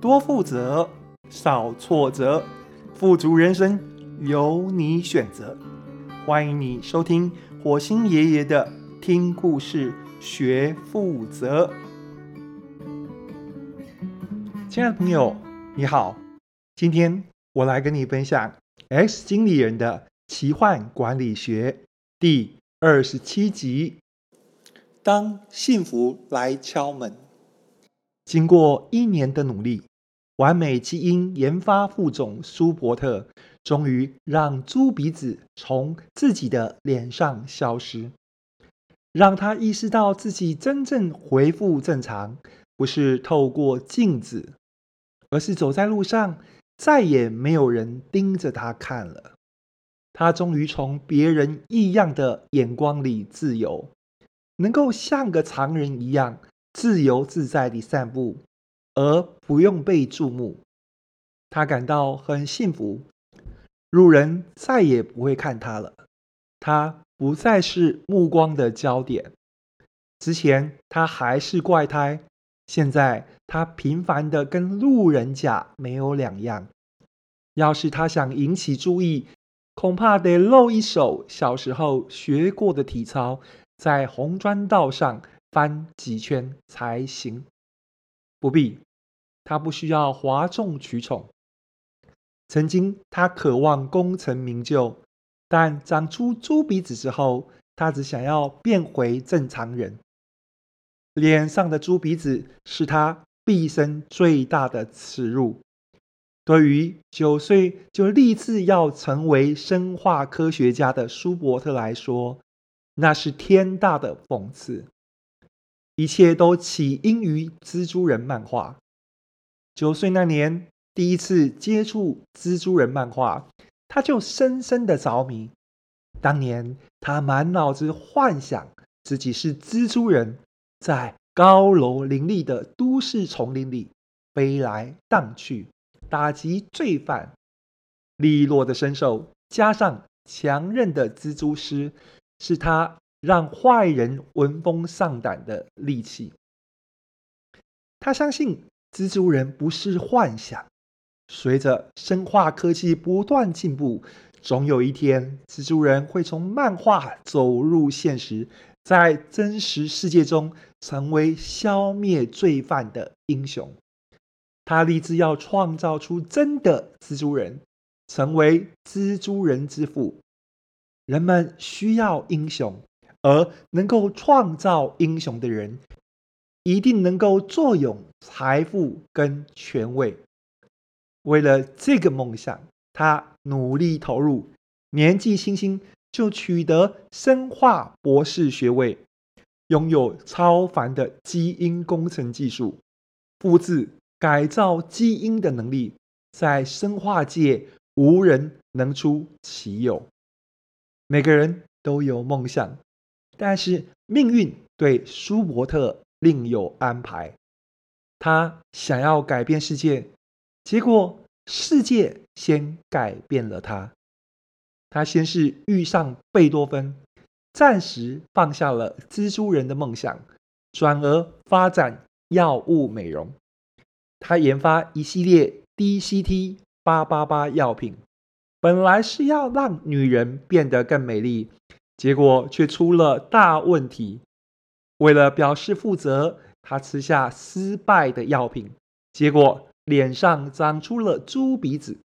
多富擇，少挫折，富足人生由你選擇。歡迎你收聽火星爺爺的聽故事學富擇。親愛的朋友，你好，今天我來跟你分享《X 經理人的奇幻管理學》第二十七集：當幸福來敲門。經過一年的努力。完美基因研發副總舒伯特終於讓豬鼻子從自己的臉上消失。讓他意識到自己真正恢復正常，不是透過鏡子，而是走在路上，再也沒有人盯着他看了。他終於從別人異樣的眼光裡自由，能夠像個常人一樣自由自在地散步。而不用被注目，他感到很幸福。路人再也不會看他了，他不再是目光的焦點。之前他還是怪胎，現在他平凡的跟路人甲沒有兩樣。要是他想引起注意，恐怕得露一手小時候學過的體操，在紅磚道上翻幾圈才行。不必。他不需要譁眾取寵。曾經，他渴望功成名就，但長出豬鼻子之後，他只想要變回正常人。臉上的豬鼻子是他畢生最大的恥辱。對於九歲就立志要成為生化科學家的舒伯特來說，那是天大的諷刺。一切都起因於蜘蛛人漫畫。九歲那年，第一次接觸蜘蛛人漫畫，他就深深的着迷。當年他滿腦子幻想自己是蜘蛛人，在高樓林立的都市叢林裡飛來蕩去，打擊罪犯。利落的身手加上強韌的蜘蛛絲，是他讓壞人聞風喪膽的利器。他相信。蜘蛛人不是幻想。隨着生化科技不斷進步，總有一天，蜘蛛人會從漫畫走入現實，在真實世界中成為消滅罪犯的英雄。他立志要創造出真的蜘蛛人，成為蜘蛛人之父。人們需要英雄，而能夠創造英雄的人，一定能夠坐擁財富跟權位。為了這個夢想，他努力投入，年紀輕輕就取得生化博士學位，擁有超凡的基因工程技術、複製、改造基因的能力，在生化界無人能出其右。每個人都有夢想，但是命運對舒伯特另有安排，他想要改變世界，結果世界先改變了他。他先是遇上貝多芬，暫時放下了蜘蛛人的夢想，轉而發展藥物美容。他研發一系列 DCT 八八八藥品，本來是要讓女人變得更美麗，結果卻出了大問題。為了表示負責，他吃下失敗的藥品，結果臉上長出了豬鼻子。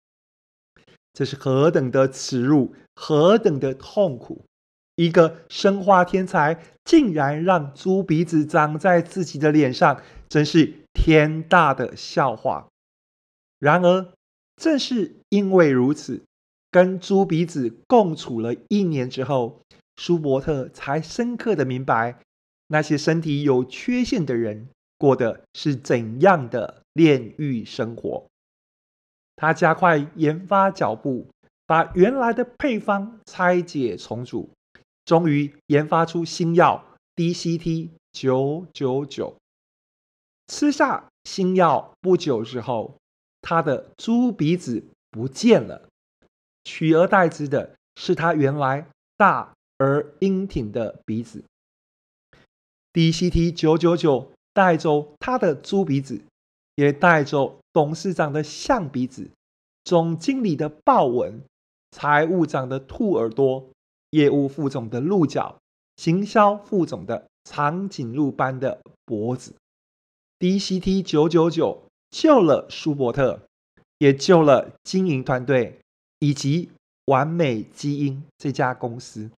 這是何等的恥辱，何等的痛苦！一個生化天才竟然讓豬鼻子長在自己的臉上，真是天大的笑話。然而，正是因為如此，跟豬鼻子共處了一年之後，舒伯特才深刻地明白。那些身體有缺陷的人過的是怎樣的煉獄生活。他加快研發腳步，把原來的配方拆解重組，終於研發出新藥 DCT 九九九。吃下新藥不久之後，他的豬鼻子不見了，取而代之的是他原來大而硬挺的鼻子。DCT 九九九帶走他的豬鼻子，也帶走董事長的象鼻子，總經理的豹紋，財務長的兔耳朵，業務副總的鹿角，行銷副總的長頸鹿般的脖子。DCT 九九九救了舒伯特，也救了經營團隊以及完美基因這家公司。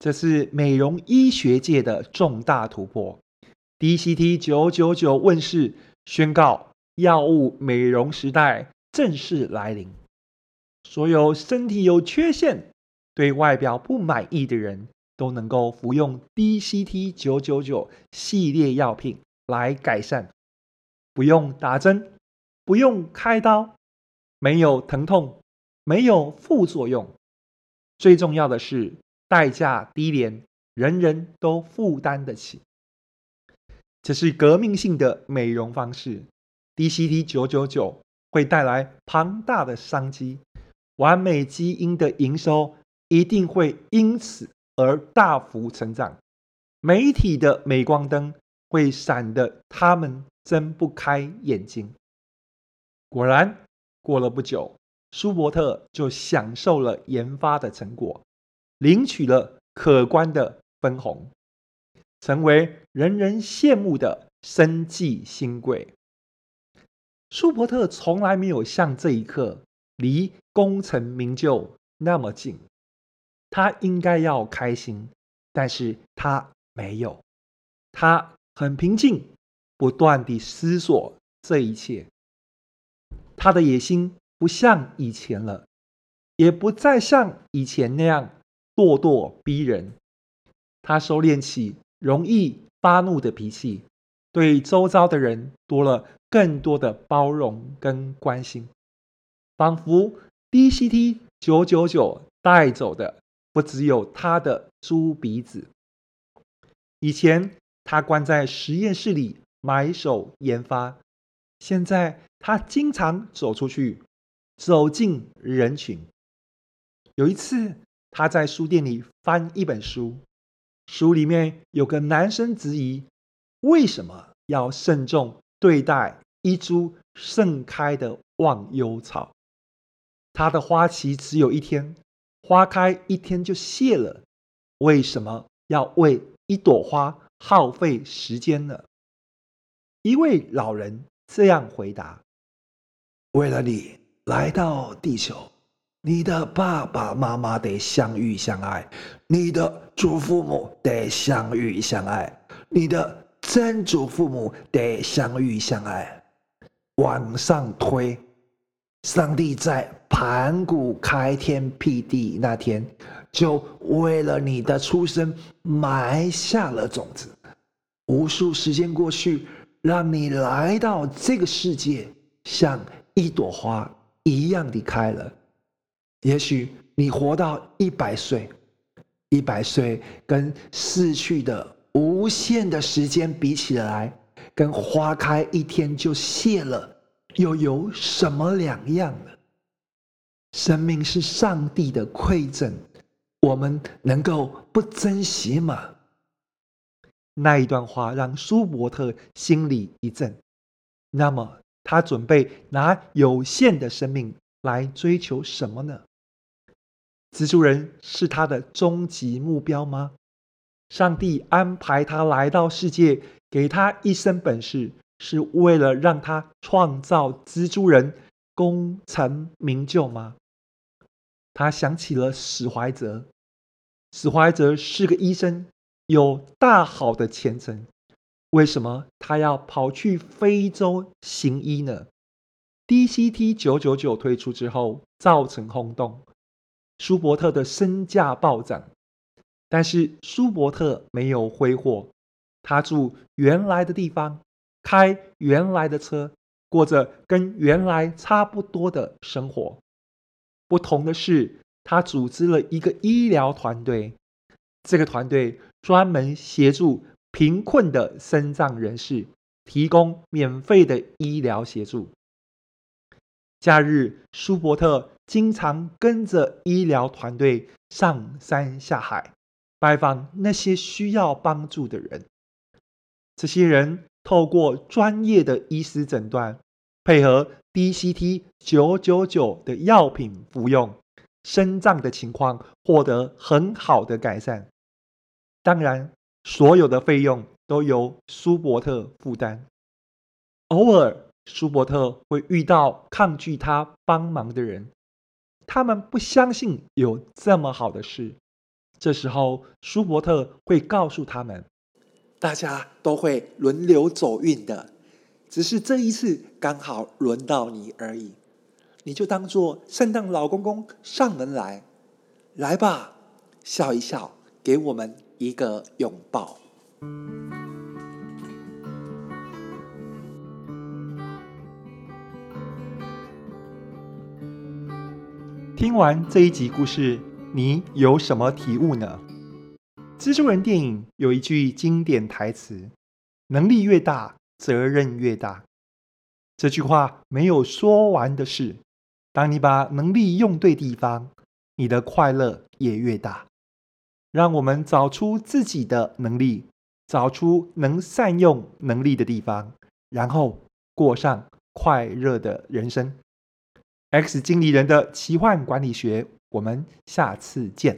這是美容醫學界的重大突破，DCT 九九九問世，宣告藥物美容時代正式來臨。所有身體有缺陷、對外表不滿意的人，都能夠服用 DCT 九九九系列藥品來改善，不用打針，不用開刀，沒有疼痛，沒有副作用。最重要的是。代價低廉，人人都負擔得起。這是革命性的美容方式。DCT 九九九會帶來龐大的商機，完美基因的營收一定會因此而大幅成長。媒體的鎂光燈會閃得他們睜不開眼睛。果然，過了不久，舒伯特就享受了研發的成果。領取了可觀的分紅，成為人人羨慕的生技新貴。舒伯特從來沒有像這一刻離功成名就那麼近，他應該要開心，但是他沒有，他很平靜，不斷地思索這一切。他的野心不像以前了，也不再像以前那樣，咄咄逼人。他收斂起容易發怒的脾氣，對周遭的人多了更多的包容跟關心，仿佛 DCT 九九九帶走的不只有他的豬鼻子。以前他關在實驗室裡埋首研發，現在他經常走出去，走進人群。有一次。他在書店裡翻一本書，書裡面有個男生質疑：為什麼要慎重對待一株盛開的忘憂草？它的花期只有一天，花開一天就謝了，為什麼要為一朵花耗費時間呢？一位老人這樣回答：“為了你來到地球。”你的爸爸媽媽得相遇相愛，你的祖父母得相遇相愛，你的曾祖父母得相遇相愛，往上推，上帝在盤古開天闢地那天就為了你的出生埋下了種子，無數時間過去，讓你來到這個世界，像一朵花一樣的開了。也許你活到一百歲，一百歲跟逝去的無限的時間比起來，跟花開一天就謝了，又有什麼兩樣呢？生命是上帝的饋贈，我們能夠不珍惜嗎？那一段話讓舒伯特心裡一震。那麼，他準備拿有限的生命來追求什麼呢？蜘蛛人是他的終極目標嗎？上帝安排他來到世界，給他一身本事，是為了讓他創造蜘蛛人，功成名就嗎？他想起了史懷澤，史懷澤是個醫生，有大好的前程，為什麼他要跑去非洲行醫呢？DCT 九九九推出之後，造成轟動。舒伯特的身價暴漲，但是舒伯特沒有揮霍，他住原來的地方，開原來的車，過着跟原來差不多的生活。不同的是，他組織了一個醫療團隊，這個團隊專門協助貧困的身障人士，提供免費的醫療協助。假日，舒伯特。經常跟着醫療團隊上山下海，拜訪那些需要幫助的人。這些人透過專業的醫師診斷，配合 DCT 九九九的藥品服用，腎臟的情況獲得很好的改善。當然，所有的費用都由舒伯特負擔。偶爾，舒伯特會遇到抗拒他幫忙的人。他們不相信有這麼好的事，這時候舒伯特會告訴他們，大家都會輪流走運的，只是這一次剛好輪到你而已。你就當做聖誕老公公上門來，來吧，笑一笑，給我們一個擁抱。聽完這一集故事，你有什麼體悟呢？蜘蛛人電影有一句經典台詞：“能力越大，責任越大。”這句話沒有說完的是：當你把能力用對地方，你的快樂也越大。讓我們找出自己的能力，找出能善用能力的地方，然後過上快樂的人生。X 經理人的奇幻管理學，我們下次見。